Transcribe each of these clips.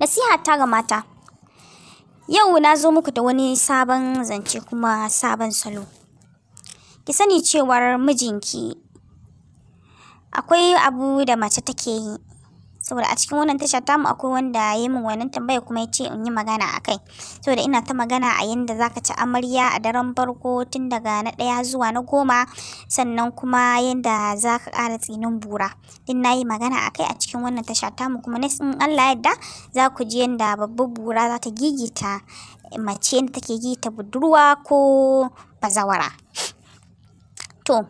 Nasiha ta ga mata. Yau na zo muku da wani sabon zance kuma sabon salo. Ki sani cewar mijinki akwai abu da mace take yi saboda a cikin wannan tasha tamu akwai wanda ya yi min wannan tambaya kuma ya ce in yi magana a kai saboda ina ta magana a yanda za ka ci amarya a daren farko tun daga na ɗaya zuwa na goma sannan kuma yanda za ka ƙara tsinin bura din na yi magana a kai a cikin wannan tasha tamu kuma na in Allah yadda za ku ji yanda babbar bura za ta gigita mace yadda take gigita budurwa ko bazawara to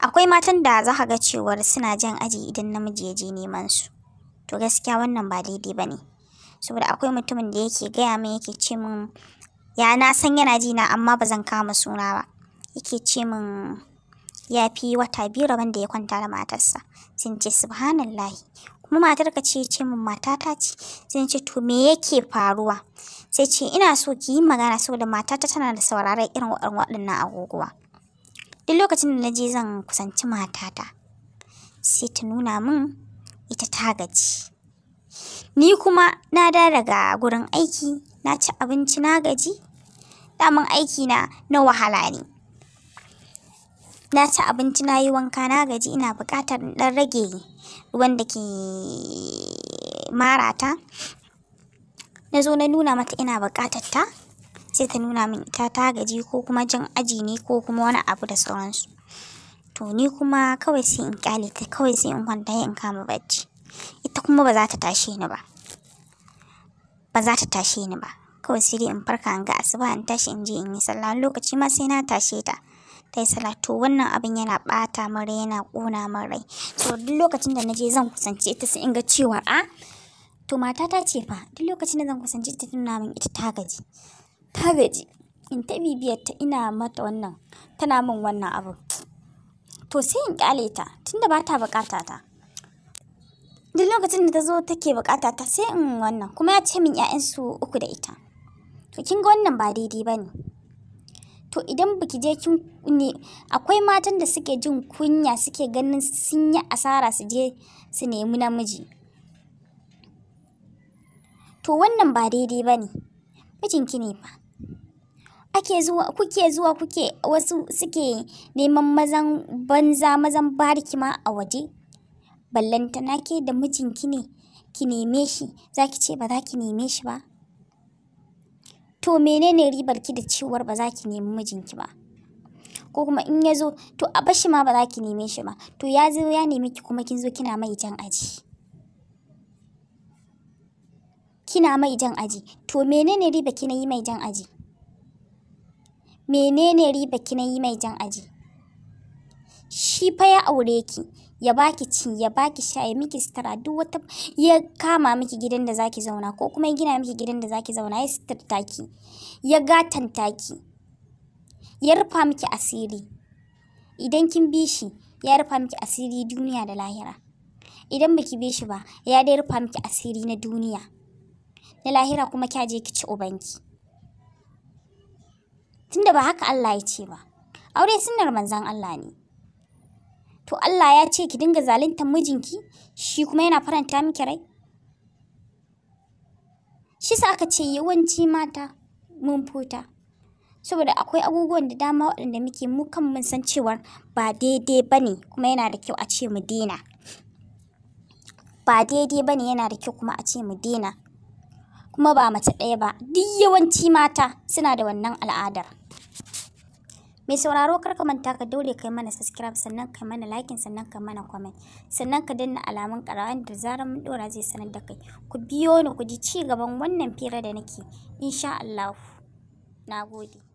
akwai matan da za ka ga cewar suna jan aji idan namiji ya je neman su to gaskiya wannan ba daidai ba ne saboda akwai mutumin da yake gaya min yake ce min ya na san yana ji na amma ba zan kama suna ba yake ce min ya fi wata biyu rabon da ya kwanta da matarsa sun ce subhanallahi kuma matar ka ce ce min matata ce sun ce to me yake faruwa sai ce ina so ki yi magana saboda matata tana da sauraron irin waɗannan agogowa duk lokacin da na je zan kusanci matata sai ta nuna min ta gaji. Ni kuma na da daga gurin aiki, na ci abinci na gaji. Daman aiki na na wahala ne. Na ci abinci na yi wanka na gaji ina buƙatar in ɗan rage ruwan da ke marata. Na zo na nuna mata ina buƙatar ta, sai ta nuna min ita ta gaji ko kuma jan aji ne ko kuma wani abu da sauransu. To ni kuma kawai sai in ƙyale ta kawai sai in kwanta sai in kama bacci. ita kuma ba za ta tashe ni ba ba za ta tashe ni ba kawai sai dai in farka in ga asuba in tashi in je in yi sallah lokaci ma sai na tashe ta ta yi sallah to wannan abin yana bata min rai yana kona min rai to duk lokacin da naje zan kusance ita sai in ga cewa a ah, to mata ta ce fa duk lokacin da zan kusance ta tana min ita ta gaji ta gaji in ta bibiyar ta ina mata wannan tana min wannan abu to sai in kyale ta tunda ba ta bukata ta duk lokacin da ta zo take bukata ta sai in wannan kuma ya ce min su uku da ita to kin ga wannan ba daidai ba ne to idan baki je kin ne akwai matan da suke jin kunya suke ganin sun yi asara su je su nemi namiji to wannan ba daidai ba ne mijinki ne fa ake zuwa kuke zuwa kuke wasu suke neman mazan banza mazan bariki ma a waje ballantana ke da mijinki ne ki neme shi za ki ce ba za ki neme shi ba to menene ribar ki da cewar ba za ki nemi mijinki ba ko kuma in ya zo to a bashi ma ba za ki neme shi ba to ya zo ya nemi ki kuma kin zo kina mai jan aji kina mai jan aji to menene riba kina yi mai jan aji menene riba kina yi mai jan aji shi fa ya aure ki ya baki ci ya baki sha ya miki sitara duk wata ya kama miki gidan da zaki zauna ko kuma ya gina miki gidan da zaki zauna ya sitar taki, ya gatan ki ya rufa miki asiri idan kin bi shi ya rufa miki asiri duniya da lahira idan baki bi shi ba ya dai rufa miki asiri na duniya na lahira kuma kya je ki ci ubanki tunda ba haka Allah ya ce ba aure sunnar manzon Allah ne to Allah ya ce ki dinga zaluntar mijinki shi kuma yana faranta miki rai shi sa aka ce yawanci mata mun fota saboda akwai abubuwan da dama waɗanda muke mu kan mun san cewar ba daidai bane kuma yana da kyau a ce mu daina ba daidai bane yana da kyau kuma a ce mu daina kuma ba mace ɗaya ba duk yawanci mata suna da wannan al'adar mai sauraro kar ka manta ka dole kai mana subscribe sannan kai mana like sannan kai mana comment sannan ka danna alamun karawan da zarar mun dora zai sanar da kai ku biyo ni ku ji ci gaban wannan fira da nake insha Allah nagode